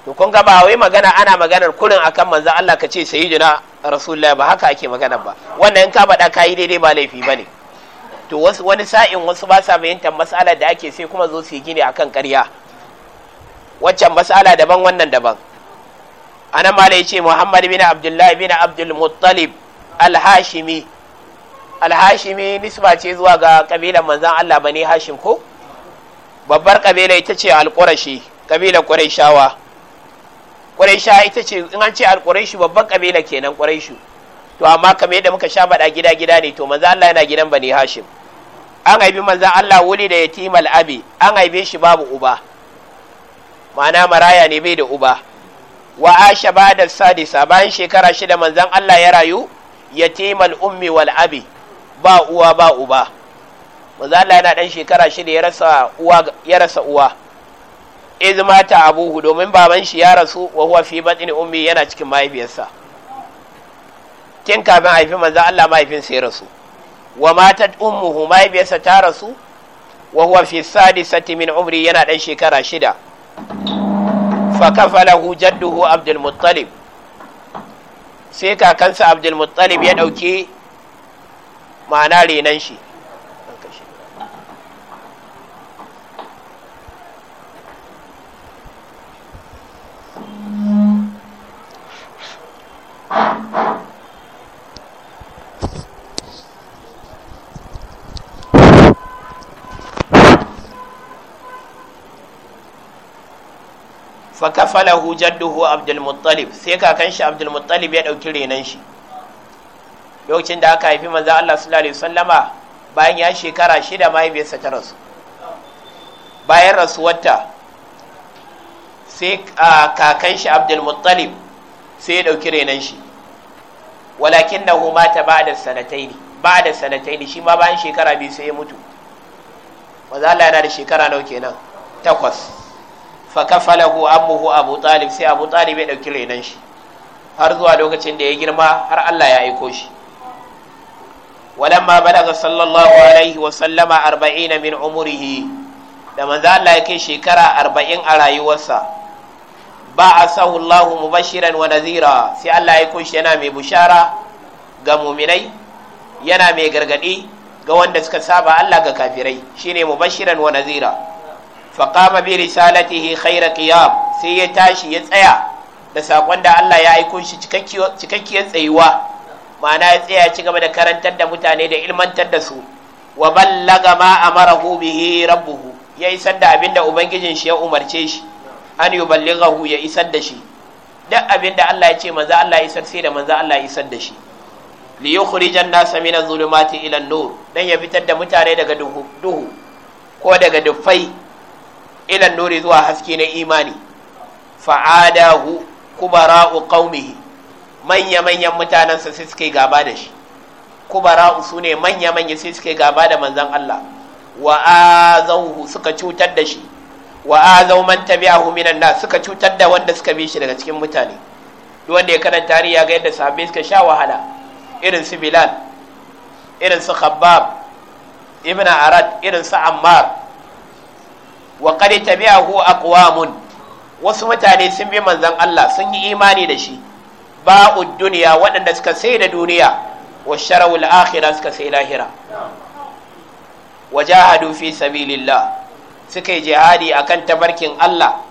S1: to kun ga ba wai magana ana maganar kurin akan manzo Allah ka ce sayyidina rasulullahi ba haka ake magana ba wannan in ka faɗa kayi daidai ba laifi bane to wani sa'in wasu ba sa fahimtar mas'alar da ake sai kuma zo su yi gini akan ƙarya waccan mas'ala daban wannan daban ana mala ce Muhammad bin Abdullah bin Abdul Muttalib AlHashimi. hashimi al nisba ce zuwa ga kabilan manzon Allah bane Hashim ko babbar kabila ita ce al-Qurashi kabilan Qurayshawa quraisha ita ce in an ce al quraishi babban kabila kenan quraishu to amma kamar yadda muka sha bada gida gida ne to manzo Allah yana gidan bani hashim an haibi manzo Allah wuli da yatimal abi an haibe shi babu uba ma'ana maraya ne bai da uba wa asha ba'da sadisa bayan shekara shida manzan Allah ya rayu yatimal ummi wal abi ba uwa ba uba manzo Allah yana dan shekara shida ya rasa uwa ya rasa uwa izmata abuhu domin baban shi ya rasu wa huwa fi batni ummi yana cikin mahaifiyarsa Kin kafin haifi manzo Allah mahaifin sai rasu wa matat ummuhu mahaifiyarsa ta rasu wa huwa fi sadisati min umri yana dan shekara shida fa kafalahu jadduhu Abdul Muttalib sai kakansa Abdul Muttalib ya dauki ma'ana renan shi fakafalahu jadduhu abdulmuttalib sai kakan shi abdulmuttalib ya ɗauki renon shi lokacin da aka haifi manzan Allah sallallahu alaihi sallama, bayan ya shekara shida mahaifiyarsa ta rasu bayan rasuwarta sai ah, kakan shi abdulmuttalib sai ya ɗauki renan shi walakin na mata ba da sanataini ba da sanataini shi ma bayan shekara biyu sai ya mutu maza yana da shekara nau kenan takwas fa kafalahu Amuhu abu talib sai abu talib ya ɗauki renan shi har zuwa lokacin da ya girma har Allah ya aiko shi walamma balaga sallallahu alaihi wa sallama arba'ina min umurihi da manzo Allah ya kai shekara arba'in a rayuwarsa Ba a ba'asahu Allahu bashiran wa nazira sai Allah ya kunshi yana mai bushara ga muminai yana mai gargaɗi ga wanda suka saba Allah ga kafirai shine bashiran wa nazira. faƙama qama bi risalatihi khaira qiyam sai ya tashi ya tsaya da sakon da Allah ya aiko shi cikakkiyar tsayuwa ma'ana ya tsaya ci gaba da karantar da mutane da ilmantar da su wa ballaga ma amarahu bihi rabbuhu ya isar sanda abin da ubangijin shi ya umarce shi an yuballighahu ya isar da shi duk abin da Allah ya ce manzo Allah ya isar sai da manzo Allah ya isar da shi li yukhrijan nasa min adh-dhulumati ila an-nur dan ya fitar da mutane daga duhu duhu ko daga dufai ila an-nuri zuwa haske na imani fa'adahu kubara'u qaumihi manya manyan mutanen sai suke gaba da shi kubara'u sune manya manyan sai suke gaba da manzon Allah wa azawhu suka cutar da shi wa azaw man tabi'ahu minan nas suka cutar da wanda suka bi shi daga cikin mutane duk wanda ya karanta tarihi ya ga yadda sahabbai suka sha wahala irin su Bilal irin su Khabbab ibn Arad irin su Ammar wa qad tabi'ahu aqwamun wasu mutane sun bi manzon Allah sun yi imani da shi ba duniya waɗanda suka sai da duniya wa sharawul akhirah suka sai lahira wajahadu fi sabilillah suka yi jihadi akan tabarkin Allah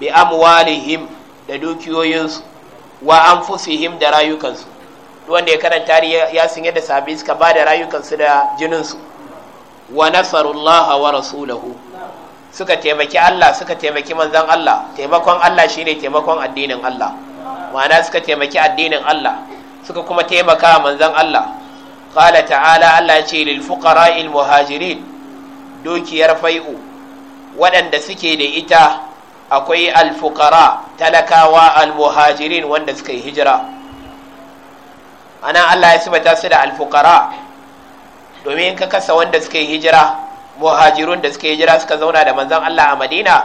S1: bi amwalihim da dukiyoyinsu wa anfusihim da rayukansu wanda ya karanta ya sun yadda sabi suka ba da rayukansu da jininsu wa nasarullaha wa rasulahu suka taimaki Allah suka taimaki manzon Allah taimakon Allah shine taimakon addinin Allah ma'ana suka taimaki addinin Allah suka kuma taimaka manzan Allah qala ta'ala Allah ya ce lil fuqara'il muhajirin dukiyar fai'u waɗanda suke da ita akwai alfukara talakawa almuhajirin wanda suka yi hijira ana Allah ya sifata su da alfukara domin ka kasa wanda suka yi hijira muhajirun da suka yi hijira suka zauna da manzan Allah a Madina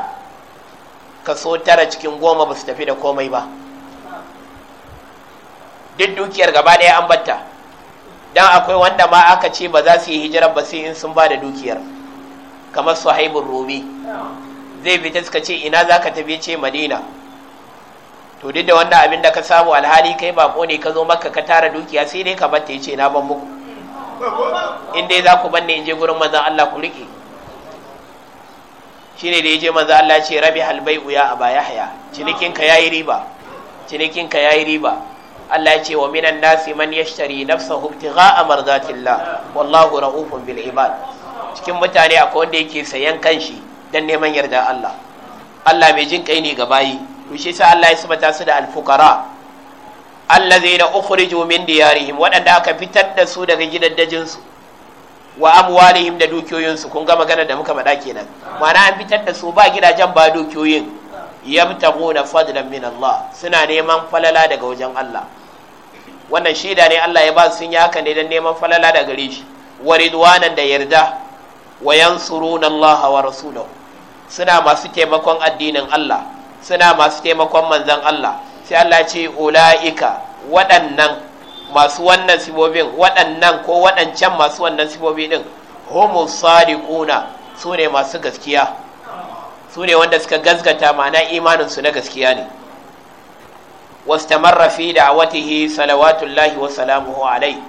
S1: kaso tara cikin goma ba su tafi da komai ba duk dukiyar gaba ɗaya an batta don akwai wanda ma aka ce ba za su yi hijirar ba sai in sun ba da dukiyar kamar sahibin rumi zai fita suka ce ina za ka tafi ce madina to duk da wannan abin da ka samu alhali kai bako ne ka zo maka ka tara dukiya sai dai ka batta ya ce na ban muku in dai za ku banne in je gurin manzan Allah ku rike shine da ya je manzan Allah ce rabi halbai uya a baya haya cinikinka ya yi riba cinikinka ya yi riba Allah ce wa minan nasi man yashtari nafsahu ibtigha'a mardatillah wallahu ra'ufun bil ibad cikin mutane akwai wanda yake sayan kanshi don neman yarda Allah Allah mai jin kai ne ga bayi to shi sa Allah ya sabata su da alfukara Allah zai allazina ukhriju min diyarihim waɗanda aka fitar da su daga gidaddajin su wa amwalihim da dukiyoyinsu kun ga magana da muka maɗa kenan Mana an fitar da su ba gidajen ba dukiyoyin yabtaguna fadlan min Allah suna neman falala daga wajen Allah wannan shaida ne Allah ya ba su sun yi haka ne don neman falala daga gare shi wa ridwanan da yarda Wayan yansuruna Allah wa Rasulun suna masu taimakon addinin Allah suna masu taimakon manzan Allah sai Allah ce ulaika waɗannan masu wannan sibobin waɗannan ko waɗancan masu wannan sibobin din homo sadiquna su ne masu gaskiya su ne wanda suka gazgata ma'ana imaninsu na gaskiya ne wastamarra fi da'awatihi salawatullahi wa salamuhu alai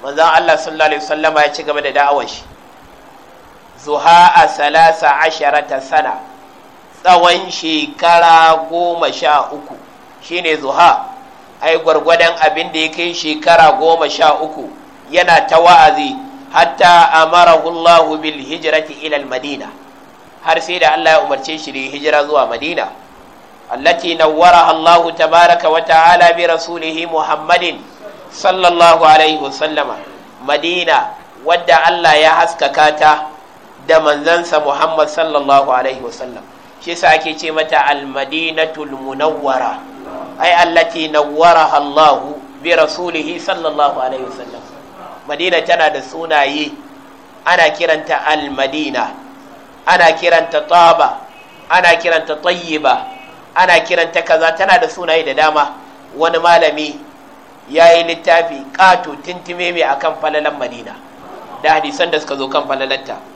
S1: Manzan Allah sallallahu alaihi wasallama ya ci gaba da da'awar shi zuha a salasa asharata sana tsawon shekara goma sha uku ne zuha ai gwargwadon abin da ya kai shekara goma sha uku yana ta wa'azi hatta amarahullahu bil hijrati ilal madina har sai da Allah ya umarce shi da hijira zuwa madina allati nawwara Allah tabaraka wa ta'ala bi rasulihi muhammadin sallallahu alaihi wasallama madina wadda Allah ya haskaka ta da manzansa Muhammad sallallahu alaihi wasallam shi sa ake ce mata al-madinatul munawwara ai allati nawwara Allah bi rasulihi sallallahu alaihi wasallam madina tana da sunaye ana kiranta al-madina ana kiranta taba ana kiranta tayyiba ana kiranta kaza tana da sunaye da dama wani malami ya yi littafi ƙato tintime mai akan falalan madina da hadisan da suka zo kan falalanta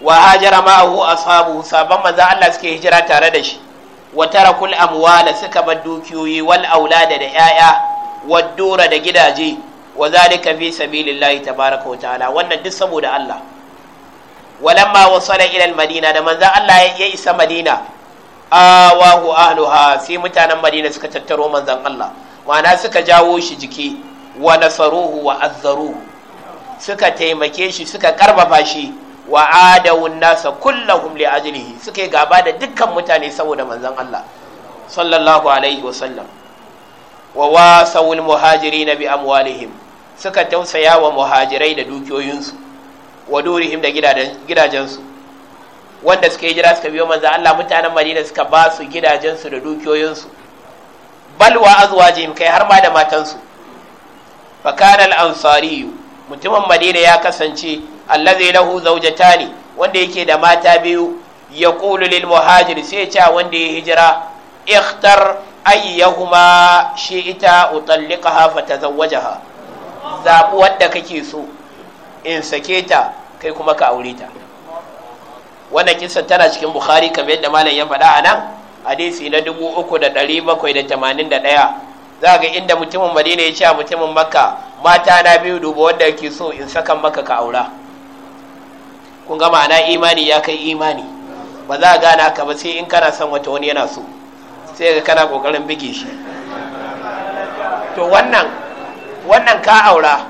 S1: wa hajara ma'ahu ashabu sabon manzo Allah suke hijira tare da shi wa tarakul amwala suka bar dukiyoyi wal aulada da yaya wa dura da gidaje wa zalika fi sabilillahi tabaraka wa ta'ala wannan duk saboda Allah walamma wasala ila al-madina da manzo Allah ya isa Madina awahu ahluha sai mutanen Madina suka tattaro manzon Allah ma'ana suka jawo shi jiki wa nasaruhu wa azzaruhu suka taimake shi suka karfafa shi wa adawun nasa kullahum li ajlihi suke gaba da dukkan mutane saboda manzon Allah sallallahu alaihi wa sallam wa wasawul muhajirin bi amwalihim suka tausaya wa muhajirai da dukiyoyinsu wa durihim da gidajensu wanda suka hijira suka biyo manzon Allah mutanen Madina suka ba su gidajensu da dukiyoyinsu bal wa azwajihim kai har ma da matansu fa kana al-ansari mutumin Madina ya kasance allazi lahu zawjatani wanda yake da mata biyu ya lil muhajir sai ya wanda ya hijira ikhtar ayyahuma shi'ita utalliqaha fatazawwajaha zabu wanda kake so in sake ta kai kuma ka aure ta wannan kisa tana cikin bukhari kamar yadda malam ya faɗa a nan hadisi na 3781 za ga inda mutumin madina ya ce mutumin makka mata na biyu duba wanda ke so in saka maka ka aura kun ga ma'ana imani ya kai imani ba za a gane haka ba sai in kana son wata wani yana so sai ga kana kokarin bige shi to wannan wannan ka aura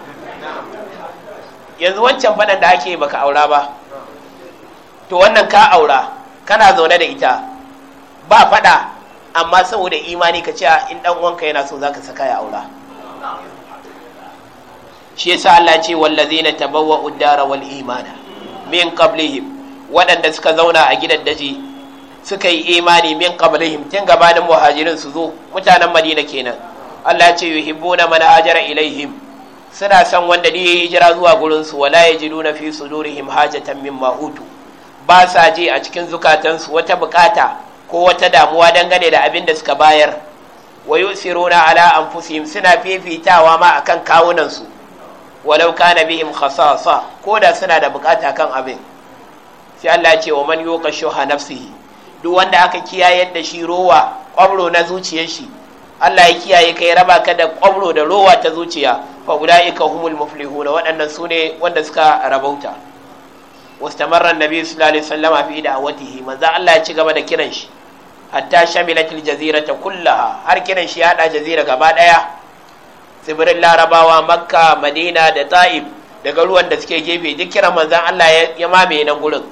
S1: yanzu wancan faɗan da ake baka aura ba to wannan ka aura kana zaune da ita ba faɗa amma saboda imani ka ce in dan uwanka yana so zaka saka ya aura shi yasa Allah ce wallazina tabawwa'u ad-dara wal imana min qablihim waɗanda suka zauna a gidan daji suka yi imani min qablihim tun gabanin muhajirin su zo mutanen madina kenan Allah ce yuhibbuna man ajara ilaihim suna san wanda ne yayi jira zuwa gurin su wala yajiduna fi sudurihim hajatan mimma utu ba sa ji a cikin zukatansu wata bukata ko wata damuwa dangane da abin da suka bayar wa yusiruna ala anfusihim suna fifitawa ma akan kawunansu walau kana bihim khasasa ko da suna da bukata kan abin sai Allah ce wa man yuqa shuha nafsihi duk wanda aka kiyaye da shi rowa kwabro na zuciyar shi Allah ya kiyaye kai raba ka da kwabro da rowa ta zuciya fa ulaika humul muflihuna waɗannan ne wanda suka rabauta wastamarra nabi sallallahu alaihi wasallam fi da'awatihi manzo Allah ya ci gaba da kiran shi hatta shamilatil jazirata kullaha har kiran shi ya haɗa jazira gaba daya tsibirin larabawa makka madina da ta'ib daga ruwan da suke gefe duk manzan allah ya mamaye nan gurin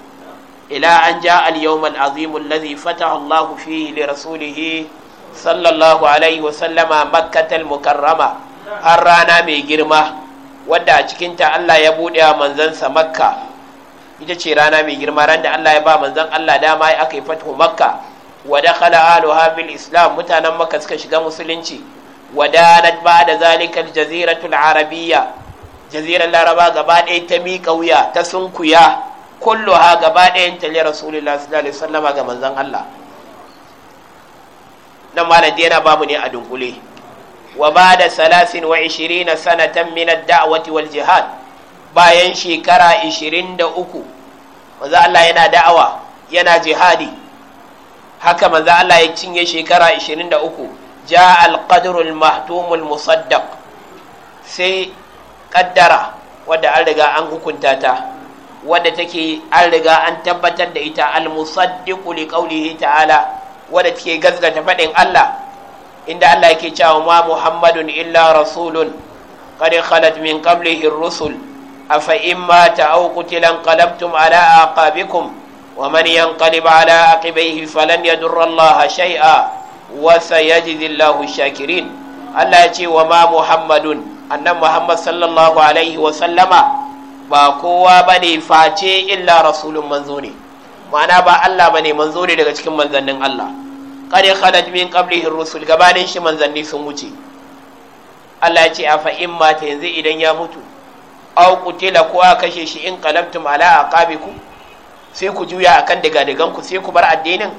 S1: ila an ja al-yawm al-azim allazi fataha allah fihi li rasulih sallallahu alaihi wa sallama makkatal mukarrama har rana mai girma wadda a cikinta allah ya buɗe wa manzansa makka ita ce rana mai girma ran da allah ya ba manzan allah dama ya aka yi fatahu makka wa dakhala aluha bil islam mutanen makka suka shiga musulunci wadanat ba da zalikal jaziratul arabiyya jazirar laraba gaba ɗaya ta miƙa wuya ta sunkuya kullu ha gaba ɗayan ta lera rasulullah sallallahu alaihi wasallama ga manzon Allah nan malam yana ba mu ne a dunkule wa ba da salasin wa ishirina sanatan min ad-da'wati wal jihad bayan shekara ishirin da uku, manzo Allah yana da'awa yana jihadi haka manzo Allah ya cinye shekara ishirin da uku. ja alƙadarul mahtumul musaddaq sai ƙaddara wadda an riga an hukunta ta wadda take an riga an tabbatar da ita al-musaddiqu li qawlihi ta'ala wadda take gaskata faɗin Allah inda Allah yake cewa ma Muhammadun illa rasulun qad khalat min qablihi ar-rusul afa imma ta'aw qutilan qalabtum ala aqabikum wa man yanqalib ala aqibihi falan yadurra Allah shay'a wa Zillahu shakirin Allah ya ce wa ma Muhammadun annan Muhammad sallallahu alaihi wa sallama ba kowa bane face illa rasulun manzo ne ma'ana ba Allah bane manzo ne daga cikin manzannin Allah kare khalaj min qablihi rusul gabanin shi manzanni sun wuce Allah ya ce a fa ta yanzu idan ya mutu au kutila ko a kashe shi in qalabtum ala aqabikum sai ku juya akan daga dagan ku sai ku bar addinin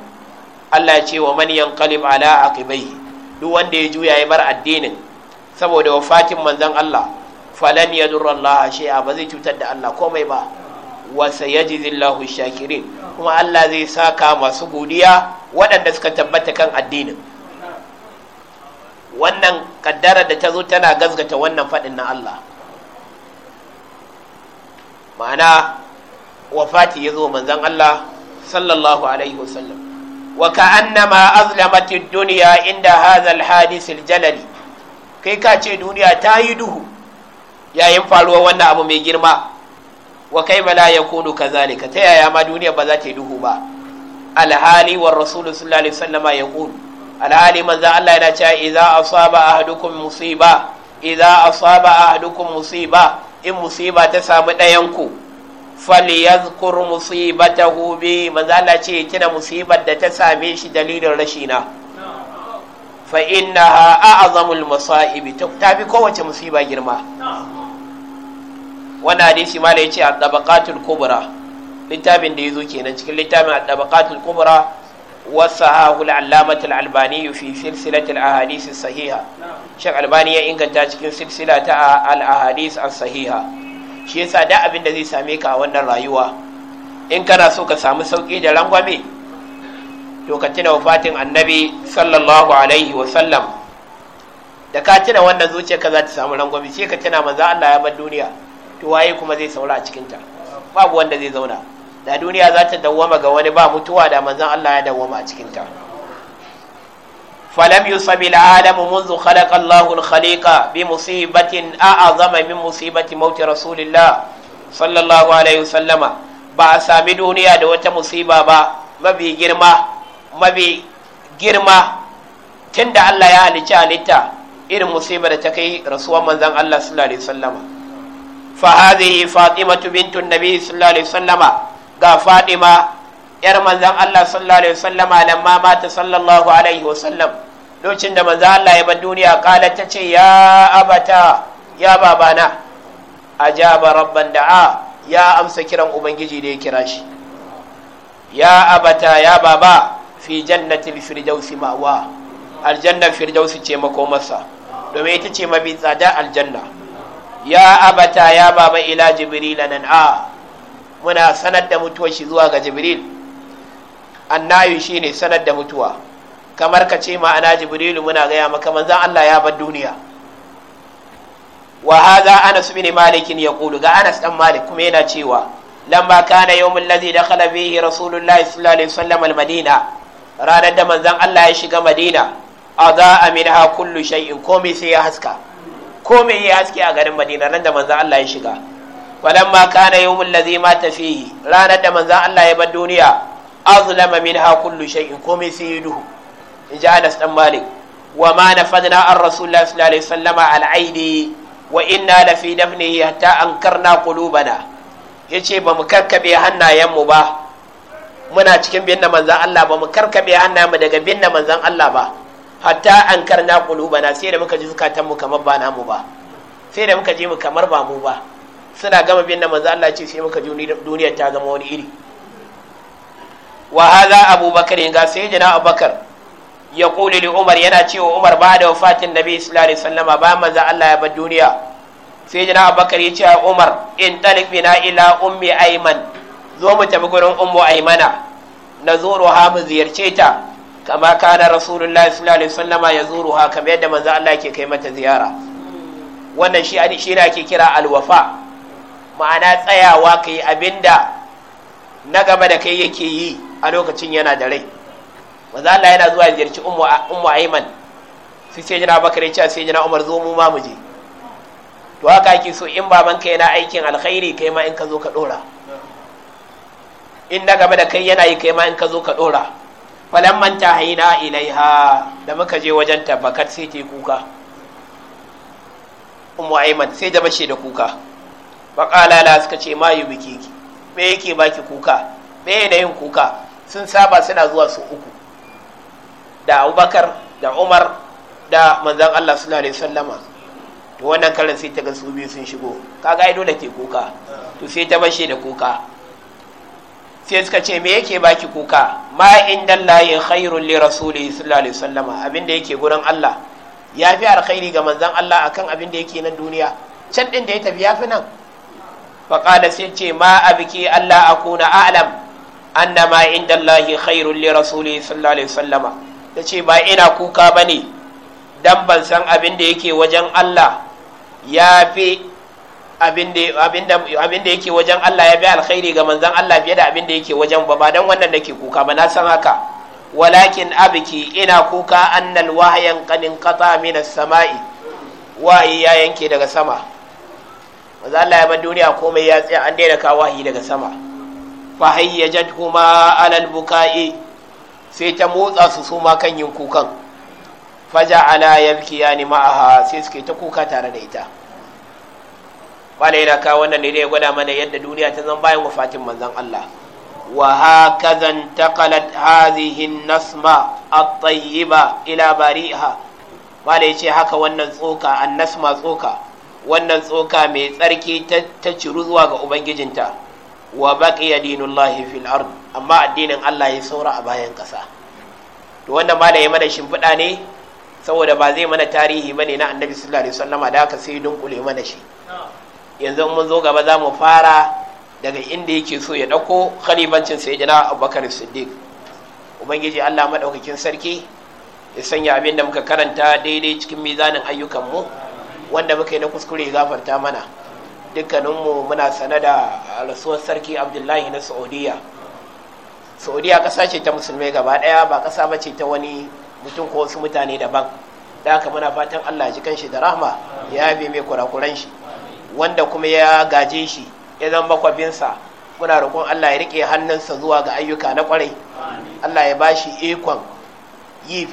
S1: Allah ya ce wa man yanqalib ala aqibaihi duk wanda ya juya ya bar addinin saboda wafatin manzon Allah falan yadurra Allah shay'a ba zai cutar da Allah komai ba wa sayajizillahu shakirin kuma Allah zai saka masu godiya waɗanda suka tabbata kan addinin wannan kaddara da ta zo tana gazgata wannan faɗin na Allah ma'ana wafati ya zo manzon Allah sallallahu alaihi wasallam وكأنما أظلمت الدنيا عند هذا الحادث الجللي kai ka ce duniya ta yi duhu yayin faruwar wannan abu mai girma Wakai kai bala ya kunu kazalika ta yaya ma duniya ba za ta yi duhu ba alhali wa rasulu sallallahu alaihi wasallama ya kunu alhali manzo Allah yana cewa za asaba ahadukum musiba idza asaba ahadukum musiba in musiba ta samu ɗayan ku falyadhkur musibatahu bi manzala ce kina musibar da ta same shi dalilin rashina fa innaha a'zamul masaibi ta fi kowace musiba girma wannan hadisi mala yace at-tabaqatul kubra littafin da ya zo kenan cikin littafin at-tabaqatul kubra wasahahu al-allamatu al-albani fi silsilati al-ahadith sahiha shek albani ya inganta cikin silsila ta al-ahadith as-sahiha shi yasa da abin da zai same ka a wannan rayuwa in kana so ka samu sauki da rangwame to ka tuna wafatin annabi sallallahu alaihi wa sallam da ka tuna wannan zuciya ka za ta samu rangwame sai ka tuna manzo Allah ya bar duniya to waye kuma zai saura a cikin ta babu wanda zai zauna da duniya za ta dawwama ga wani ba mutuwa da manzo Allah ya dawwama a cikin ta فلم يصب العالم منذ خلق الله الخليقة بمصيبة أعظم من مصيبة موت رسول الله صلى الله عليه وسلم ba a sami duniya da wata musiba ba mabi girma mabi tun da Allah ya halicci halitta irin musiba da ta kai rasuwar manzan Allah sallallahu alaihi wasallama fa hadhihi fatimatu bintu nabi sallallahu alaihi wasallama ga fatima yar manzan Allah sallallahu alaihi wasallama lamma mata sallallahu alaihi wasallam lokacin da manzo Allah ya bar duniya kala ta ce ya abata ya babana ajaba rabban da'a ya amsa kiran ubangiji da ya kira shi ya abata ya baba fi jannatil firdausi ma'wa Aljanna firdausi ce makomarsa domin ita ce mafi tsada aljanna ya abata ya baba ila jibril nan a muna sanar da mutuwa shi zuwa ga jibril annayu shine sanar da mutuwa kamar ka ce ma'ana jibrilu muna gaya maka manzan Allah ya bar duniya wa hadha anas bin malik yaqulu ga anas dan malik kuma yana cewa lamma kana yawmul ladhi dakhala bihi rasulullahi sallallahu alaihi wasallam al-madina ranar da manzan Allah ya shiga madina adaa minha kullu shay'in komai sai ya haska komai ya haske a garin madina nan da manzan Allah ya shiga falamma kana yawmul ladhi mata fihi ranar da manzan Allah ya bar duniya azlama minha kullu shay'in komai sai ya duhu in ji anas dan malik wa ma nafadna an rasulullah sallallahu alaihi wasallama aidi wa inna la fi dafnihi hatta ankarna qulubana yace ba mu karkabe mu ba muna cikin binne manzan Allah ba mu karkabe mu daga binne manzan Allah ba hatta ankarna qulubana sai da muka ji mu kamar ba namu ba sai da muka ji mu kamar ba mu ba suna gama binne manzan Allah ce sai muka ji duniya ta zama wani iri wa hadha abubakar ga sayyidina abubakar ya kuli li umar yana cewa umar ba da wafatin nabi sallallahu alaihi wasallama ba maza Allah ya bar duniya sai jina abubakar ya ce a umar in talik bina ila ummi aiman zo mu tafi gurin ummu aimana na zuru ha mu ziyarce ta kama kana rasulullahi sallallahu alaihi wasallama ya zuru ha kamar yadda manzo Allah yake kai mata ziyara wannan shi shi ne ake kira alwafa ma'ana tsayawa kai abinda na gaba da kai yake yi a lokacin yana da rai manzo Allah yana zuwa jirci ummu ummu ayman sai sai jira bakar ya ce sai jira umar zo mu ma mu je to haka ake so in ka yana aikin alkhairi kai ma in ka zo ka dora in na gaba da kai yana yi kai ma in ka zo ka dora falan ta haina ilaiha da muka je wajen tabbakat sai ta kuka ummu ayman sai da bace da kuka baƙala la suka ce ma yi biki me yake baki kuka me yana yin kuka sun saba suna zuwa su uku da abubakar da umar da manzan allah suna alaihi sallama, to wannan karin sai ta ga su biyu sun shigo Ka ga ido da ke kuka to sai ta bashe da kuka sai suka ce me yake baki kuka ma inda lahi khairun li rasuli sallallahu alaihi wasallama abinda yake gurin allah ya fi alkhairi ga manzan allah akan abin da yake nan duniya can din da ya tafi ya fi nan faƙala sai ce ma abiki allah kuna a'lam annama inda lahi khairun li rasuli sallallahu alaihi wasallama ya ce ba ina kuka ba ne don ban san abin da yake wajen Allah ya fi abin da yake wajen Allah ya fi alkhairi ga manzan Allah fiye da abin da yake wajen ba ba don wannan da ke kuka ba na san haka walakin abiki ina kuka annal wahayan kanin kata min sama'i wahayi ya yanke daga sama manzan Allah ya bar duniya komai ya tsaya an daina ka wahayi daga sama fa hayyajat kuma alal buka'i sai ta motsa su su ma kan yin kukan faja ala yalki a ma'aha sai suke ta kuka tare da ita bala yana kawo wannan ne ya gwada mana yadda duniya ta zan bayan wafatin manzan Allah wa hakaza zan hadhihi hazihin nasma a tayyiba ila bariha bala ce haka wannan tsoka an-nasma tsoka wannan tsoka mai tsarki ta ciru zuwa ga ubangijinta wa baqiya dinullahi fil ard amma addinin Allah ya saura a bayan kasa. to wanda ya mana shimfiɗa ne saboda ba zai mana tarihi ba ne na annabi sallallahu alaihi wasallam da haka sai dunkule mana shi yanzu mun zo gaba za mu fara daga inda yake so ya ɗauko khalifancin sayyidina abubakar siddiq ubangiji Allah madaukakin sarki ya sanya abin da muka karanta daidai cikin mizanin ayyukanmu wanda muka yi na kuskure gafarta mana dukkaninmu muna sane da rasuwar sarki abdullahi na saudiya saudiya ƙasa ce ta musulmai gaba ɗaya ba ƙasa ba ce ta wani mutum ko wasu mutane daban da haka muna fatan allah ji kanshi da rahma ya yabe mai kurakuran shi wanda kuma ya gaje shi ya zama makwabinsa muna roƙon allah ya riƙe hannunsa zuwa ga ayyuka na ƙwarai allah ya ba shi ikon yi